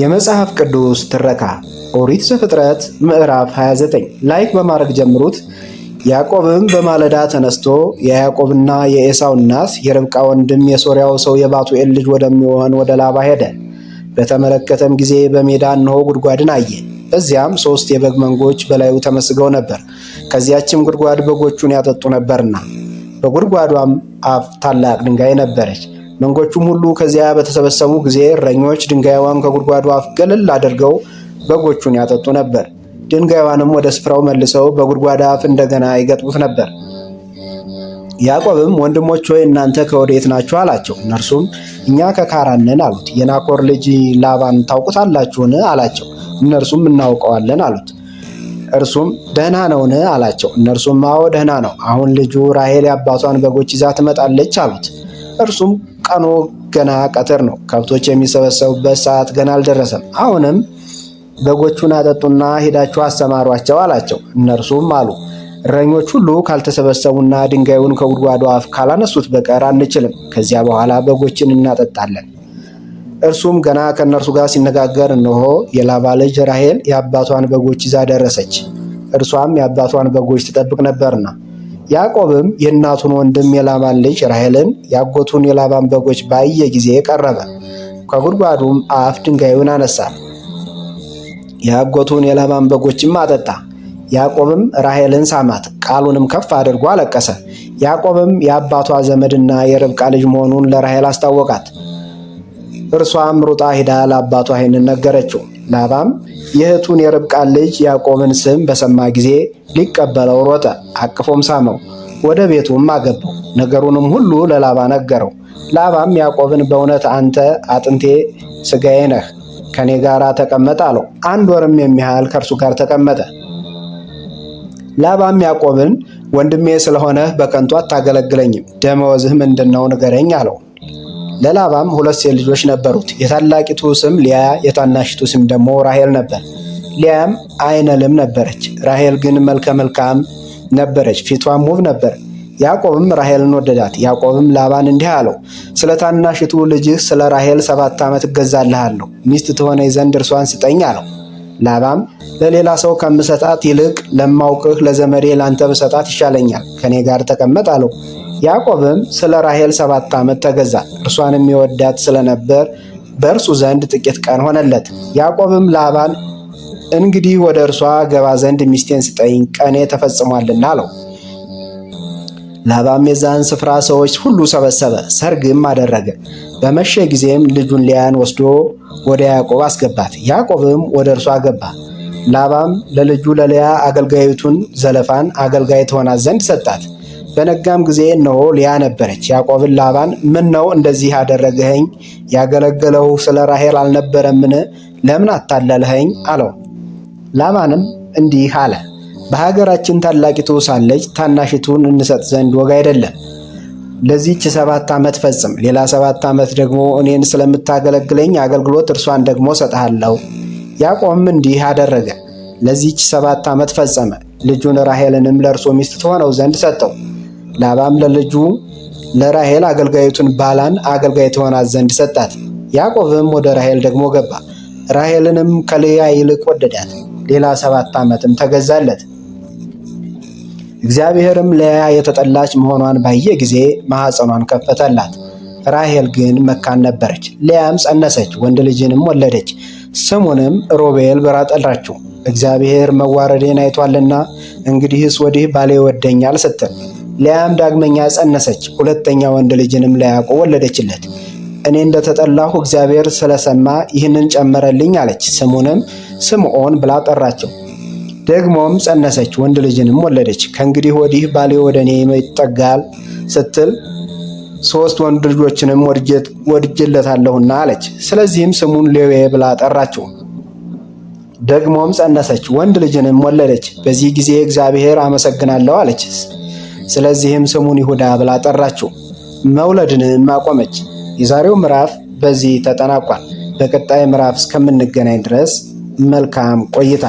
የመጽሐፍ ቅዱስ ትረካ ኦሪት ዘፍጥረት ምዕራፍ 29 ላይክ በማድረግ ጀምሩት። ያዕቆብም በማለዳ ተነስቶ የያዕቆብና የኤሳው እናት የርብቃ ወንድም የሶርያው ሰው የባቱኤል ልጅ ወደሚሆን ወደ ላባ ሄደ። በተመለከተም ጊዜ በሜዳ እንሆ ጉድጓድን አየ። እዚያም ሦስት የበግ መንጎች በላዩ ተመስገው ነበር። ከዚያችም ጉድጓድ በጎቹን ያጠጡ ነበርና፣ በጉድጓዷም አፍ ታላቅ ድንጋይ ነበረች። መንጎቹም ሁሉ ከዚያ በተሰበሰቡ ጊዜ እረኞች ድንጋይዋን ከጉድጓዱ አፍ ገለል አድርገው በጎቹን ያጠጡ ነበር። ድንጋይዋንም ወደ ስፍራው መልሰው በጉድጓድ አፍ እንደገና ይገጥሙት ነበር። ያዕቆብም ወንድሞች ሆይ እናንተ ከወዴት ናችሁ? አላቸው። እነርሱም እኛ ከካራነን አሉት። የናኮር ልጅ ላባን ታውቁታላችሁን? አላቸው። እነርሱም እናውቀዋለን አሉት። እርሱም ደህና ነውን? አላቸው። እነርሱም አዎ ደህና ነው። አሁን ልጁ ራሄል የአባቷን በጎች ይዛ ትመጣለች አሉት። እርሱም ቀኖ ገና ቀትር ነው። ከብቶች የሚሰበሰቡበት ሰዓት ገና አልደረሰም። አሁንም በጎቹን አጠጡና ሄዳችሁ አሰማሯቸው አላቸው። እነርሱም አሉ፣ እረኞች ሁሉ ካልተሰበሰቡና ድንጋዩን ከጉድጓዱ አፍ ካላነሱት በቀር አንችልም። ከዚያ በኋላ በጎችን እናጠጣለን። እርሱም ገና ከእነርሱ ጋር ሲነጋገር እነሆ የላባ ልጅ ራሄል የአባቷን በጎች ይዛ ደረሰች። እርሷም የአባቷን በጎች ትጠብቅ ነበርና ያዕቆብም የእናቱን ወንድም የላባን ልጅ ራሔልን ያጎቱን የላባን በጎች ባየ ጊዜ ቀረበ፣ ከጉድጓዱም አፍ ድንጋዩን አነሳ፣ ያጎቱን የላባን በጎችም አጠጣ። ያዕቆብም ራሔልን ሳማት፣ ቃሉንም ከፍ አድርጎ አለቀሰ። ያዕቆብም የአባቷ ዘመድና የርብቃ ልጅ መሆኑን ለራሔል አስታወቃት። እርሷም ሩጣ ሂዳ ለአባቷ ይህንን ነገረችው። ላባም የእህቱን የርብቃን ልጅ ያዕቆብን ስም በሰማ ጊዜ ሊቀበለው ሮጠ፣ አቅፎም ሳመው፣ ወደ ቤቱም አገባው። ነገሩንም ሁሉ ለላባ ነገረው። ላባም ያዕቆብን በእውነት አንተ አጥንቴ ስጋዬ ነህ፣ ከእኔ ጋር ተቀመጥ አለው። አንድ ወርም የሚያህል ከእርሱ ጋር ተቀመጠ። ላባም ያዕቆብን ወንድሜ ስለሆነህ በከንቱ አታገለግለኝም፣ ደመወዝህ ምንድን ነው ንገረኝ አለው። ለላባም ሁለት ሴት ልጆች ነበሩት። የታላቂቱ ስም ሊያ፣ የታናሽቱ ስም ደግሞ ራሄል ነበር። ሊያም አይነ ልም ነበረች፣ ራሄል ግን መልከ መልካም ነበረች፣ ፊቷም ውብ ነበር። ያዕቆብም ራሄልን ወደዳት። ያዕቆብም ላባን እንዲህ አለው፣ ስለ ታናሽቱ ልጅህ ስለ ራሄል ሰባት ዓመት እገዛልሃለሁ፣ ሚስት ትሆነኝ ዘንድ እርሷን ስጠኝ አለው። ላባም ለሌላ ሰው ከምሰጣት ይልቅ ለማውቅህ ለዘመዴ ላንተ ብሰጣት ይሻለኛል፣ ከእኔ ጋር ተቀመጥ አለው። ያዕቆብም ስለ ራሄል ሰባት ዓመት ተገዛ፣ እርሷንም የሚወዳት ስለነበር በእርሱ ዘንድ ጥቂት ቀን ሆነለት። ያዕቆብም ላባን እንግዲህ ወደ እርሷ ገባ ዘንድ ሚስቴን ስጠኝ፣ ቀኔ ተፈጽሟልና አለው። ላባም የዛን ስፍራ ሰዎች ሁሉ ሰበሰበ፣ ሰርግም አደረገ። በመሸ ጊዜም ልጁን ሊያን ወስዶ ወደ ያዕቆብ አስገባት። ያዕቆብም ወደ እርሷ ገባ። ላባም ለልጁ ለልያ አገልጋዩቱን ዘለፋን አገልጋይ ትሆናት ዘንድ ሰጣት። በነጋም ጊዜ እነሆ ሊያ ነበረች። ያዕቆብን ላባን ምን ነው እንደዚህ ያደረግኸኝ? ያገለገለው ስለ ራሄል አልነበረምን? ለምን አታለልኸኝ? አለው። ላባንም እንዲህ አለ፣ በሀገራችን ታላቂቱ ሳለች ታናሽቱን እንሰጥ ዘንድ ወግ አይደለም። ለዚች ሰባት ዓመት ፈጽም፣ ሌላ ሰባት ዓመት ደግሞ እኔን ስለምታገለግለኝ አገልግሎት እርሷን ደግሞ ሰጥሃለሁ። ያዕቆብም እንዲህ አደረገ፣ ለዚች ሰባት ዓመት ፈጸመ። ልጁን ራሄልንም ለእርሶ ሚስት ትሆነው ዘንድ ሰጠው። ላባም ለልጁ ለራሄል አገልጋይቱን ባላን አገልጋይ ትሆናት ዘንድ ሰጣት። ያዕቆብም ወደ ራሄል ደግሞ ገባ፣ ራሄልንም ከልያ ይልቅ ወደዳት። ሌላ ሰባት ዓመትም ተገዛለት። እግዚአብሔርም ልያ የተጠላች መሆኗን ባየ ጊዜ ማኅፀኗን ከፈተላት። ራሄል ግን መካን ነበረች። ልያም ጸነሰች፣ ወንድ ልጅንም ወለደች። ስሙንም ሮቤል ብላ ጠራችው፣ እግዚአብሔር መዋረዴን አይቷልና እንግዲህስ ወዲህ ባሌ ይወደኛል ስትል ሊያም ዳግመኛ ጸነሰች፣ ሁለተኛ ወንድ ልጅንም ለያዕቆብ ወለደችለት። እኔ እንደተጠላሁ እግዚአብሔር ስለሰማ ይህንን ጨመረልኝ አለች። ስሙንም ስምዖን ብላ ጠራቸው። ደግሞም ጸነሰች፣ ወንድ ልጅንም ወለደች። ከእንግዲህ ወዲህ ባሌ ወደ እኔ ይጠጋል ስትል ሶስት ወንድ ልጆችንም ወድጄለታለሁና አለች። ስለዚህም ስሙን ሌዌ ብላ ጠራችው። ደግሞም ጸነሰች፣ ወንድ ልጅንም ወለደች። በዚህ ጊዜ እግዚአብሔር አመሰግናለሁ አለች። ስለዚህም ስሙን ይሁዳ ብላ ጠራችው። መውለድንም አቆመች። የዛሬው ምዕራፍ በዚህ ተጠናቋል። በቀጣይ ምዕራፍ እስከምንገናኝ ድረስ መልካም ቆይታ።